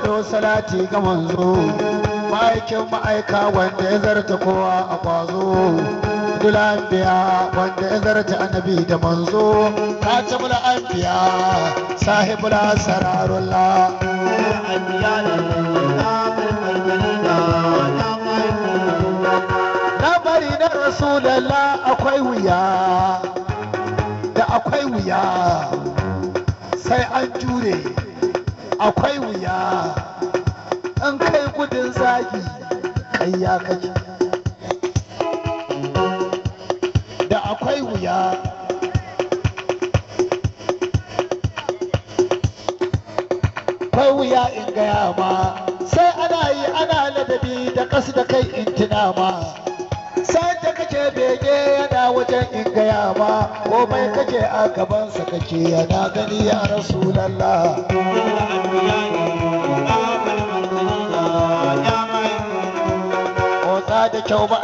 gwargwado salati ga manzo ma'aikin ma'aika wanda ya zarta kowa a kwazo dulambiya wanda ya zarta annabi da manzo ta ce mula ambiya sahibula sararulla labari na rasulallah akwai wuya da akwai wuya sai an jure akwai wuya an kai gudun zagi kai ya kake da akwai wuya akwai wuya in gaya ma sai ana yi ana ladabi da ƙasa da kai in tuna ma sai da kake bege yana wajen in gaya ma komai kake a gabansa kake yana gani ya rasulallah kyau ba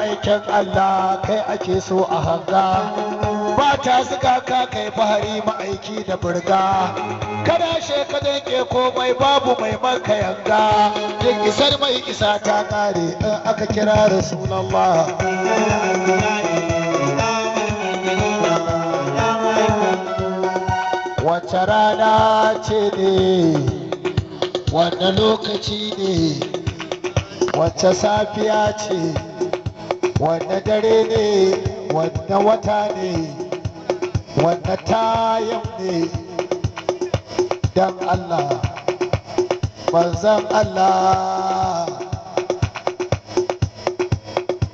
Allah kai ake so a hanga ba ta suka ka kai fahari ma'aiki da burga kada she ka komai babu mai maka yanga duk isar mai isa ta kare in aka kira rasulallah wace rana ce ne wanda lokaci ne wace safiya ce wanne dare ne wanne wata ne wanne tayam ne don Allah manzan Allah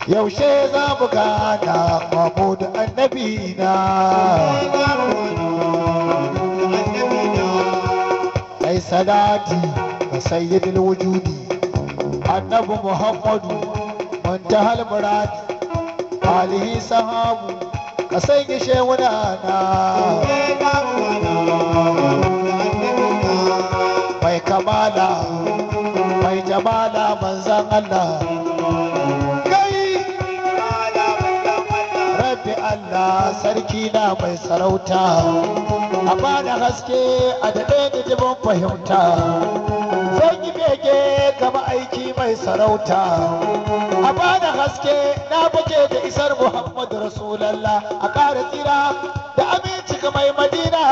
yaushe za mu gada gana da annabi na ai salati ga sayyidin wujudi annabi muhammadu muntahal muradi alihi sahabu ka gishe wadana na mai kamala mai jamala manzan Allah rabbi Allah sarki na mai sarauta a bada haske a daɗe da fahimta gaba aiki mai sarauta a bada haske na buke da isar muhammadu rasulallah a ƙara tsira da aminci ga mai madina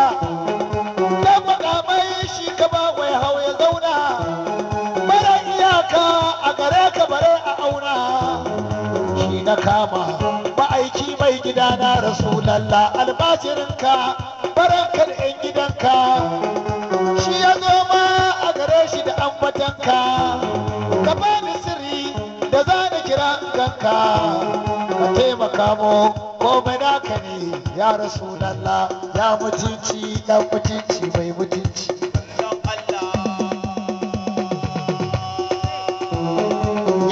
Don makamai shi ka ba wai hau ya zauna mara iyaka a gare ka bare a auna shi na kama ma'aiki mai gida na rasulallah albashirinka kan 'yan gidanka shi ya zo a gare shi da ambatanka ka bani sirri da za da kira ganka ka taimaka mu komai naka ne ya rasu lalla. ya mutunci dan mutunci mai mutunci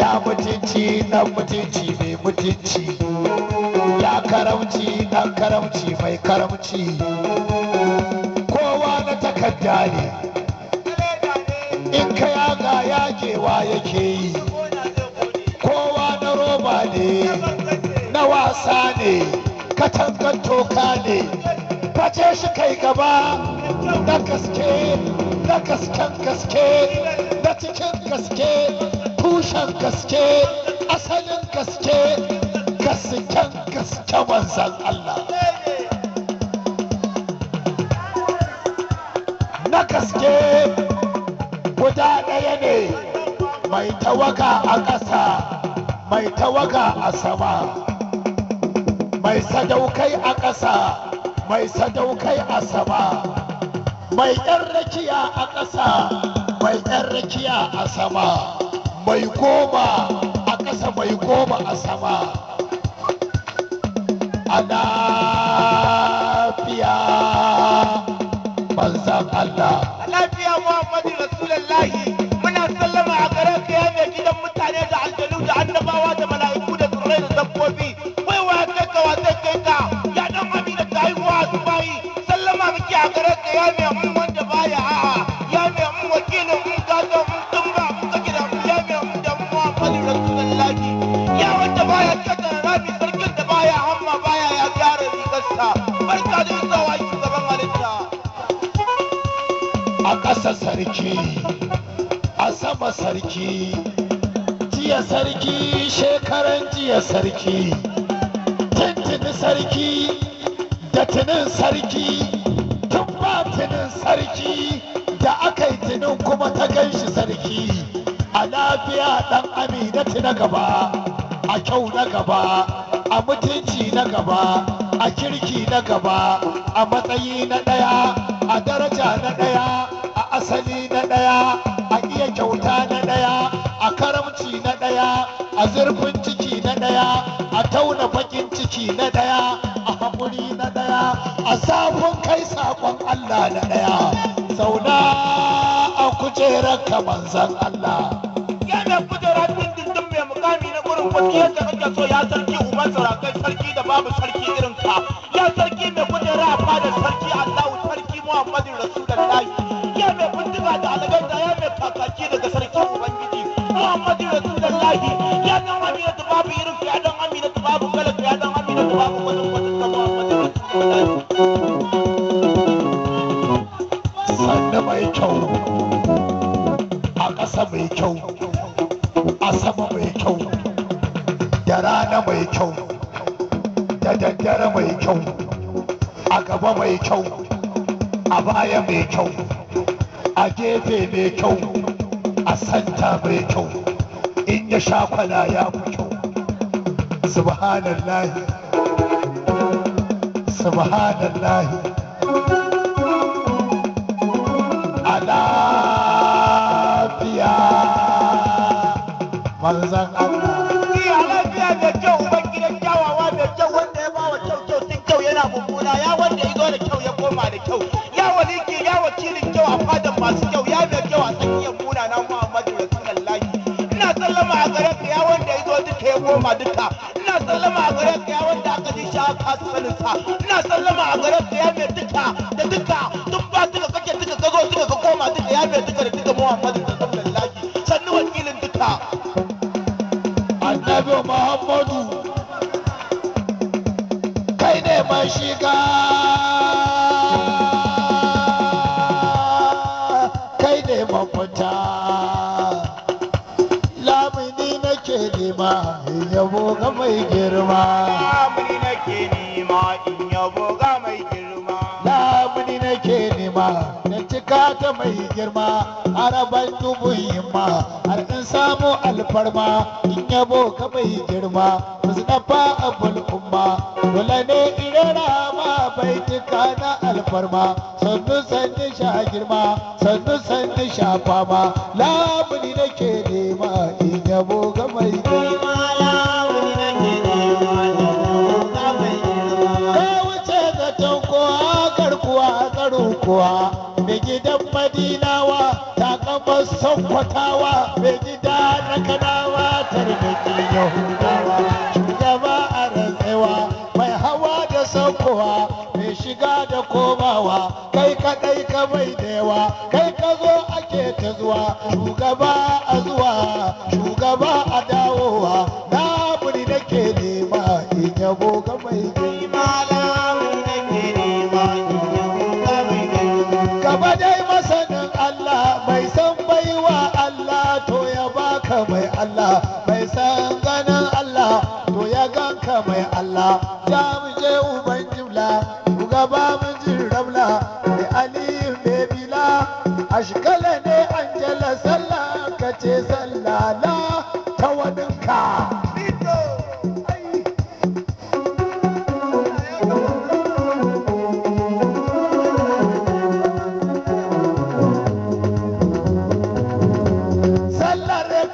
ya mutunci dan mutunci mai mutunci ya karamci dan karamci mai karamci kowa na takarda ne in ka ya kowa yake yi kowa na roba ne na wasa ne katangar toka ne face shi kai gaba na gaske na gasken gaske na cikin gaske tushen gaske asalin gaske gasken gaske manzan Allah na gaske mai tawaka a ƙasa mai tawaka a sama mai sadaukai a ƙasa mai sadaukai a sama mai ƴan rakiya a ƙasa mai ƴan rakiya a sama mai goma a ƙasa mai goma a sama a lafiya manzan Allah lafiya kula da dabbobi wai wa ka wa kai ka ya dan mami da ta haihuwa su bayi sallama a gare ka ya mai mun wanda baya a'a ya mai mun wakilin mun mun tun ba mun mun ya mai mun da mun wa fali rasulullahi ya wanda baya rabi sarkin da baya hamma baya ya gyara rigarsa barka da zuwa halitta a ƙasa sarki a sama sarki jiya sarki shekaran jiya sarki tintini sarki da tinin sarki tun ba tinin sarki da aka yi tinin kuma ta gan shi sarki a lafiya ɗan aminati na gaba a kyau na gaba a mutunci na gaba a kirki na gaba a matsayi na ɗaya a daraja na ɗaya a asali na ɗaya a iya kyauta na ɗaya talauci na ɗaya a zurfin ciki na ɗaya a tauna bakin ciki na ɗaya a haƙuri na ɗaya a sabon kai saƙon Allah na ɗaya zauna a kujerar ka manzan Allah yana kujerar dindindin mai mukami na gurin wani yadda kake so ya sarki uban sarakai sarki da babu sarki irin ka ya sarki mai kujera a fadar sarki Allahu sarki Muhammadu Rasulullahi ya mai bindiga da alagaita ya mai kakaki daga sarki Ubangiji lahi ya dan amina ya dan amina ta ya dan amina mai kyau a ƙasa mai kyau a sama mai kyau da rana mai kyau da daddare mai kyau a gaba mai kyau a baya mai kyau a gefe mai kyau a santa mai kyau in ya sha kwala ya fito subhanallahi subhanallahi fiya manzan Allah ya bawa kyau kyau yana wanda ya zo da kyau ya koma da kyau sallama duka ina sallama a gare ka ya wanda aka ji aka sanin ina sallama a gare ka ya mai duka da duka tun ba duka kake duka ka zo duka ka koma duka ya mai duka da duka Muhammadu ni nake nema in yabo ga mai girma lamuni nake nema in yabo ga mai girma lamuni nake nema na cika ta mai girma araban dubu himma har in samu alfarma in yabo ga mai girma musu dafa abul umma dole ne irera fafutuka na alfarma sannu sannu sha girma sannu sannu sha fama labuni nake nema in yabo ga mai girma kuwa mai gidan madinawa ta kamar son mai gida na kanawa tarbiki yahudu bai da yawa kai ka zo ake ta zuwa shugaba a zuwa shugaba a dawowa na buri nake nema in yabo ga mai girma ashkala ne an jala sallah ka ce sallah na ta waninka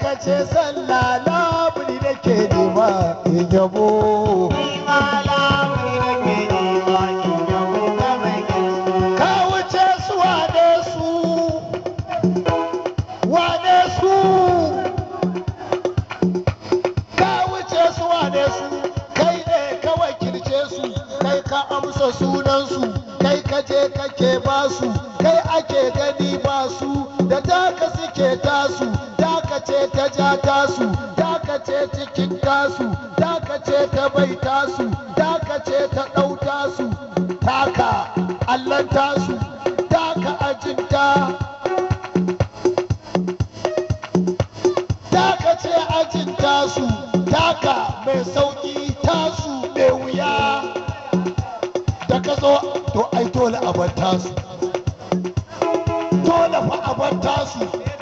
ka ce sallah na da ke nema in yabo su kai ka amsa sunansu kai ka je kake ba su kai ake gani ba su da ka suke tasu ka ce ta ja tasu ka ce cikin tasu ka ce ta bai tasu ka ce ta ɗau tasu taka allan tasu ka ajinta ka ce ajin tasu ka mai sauki a bar tasu dole fa a bar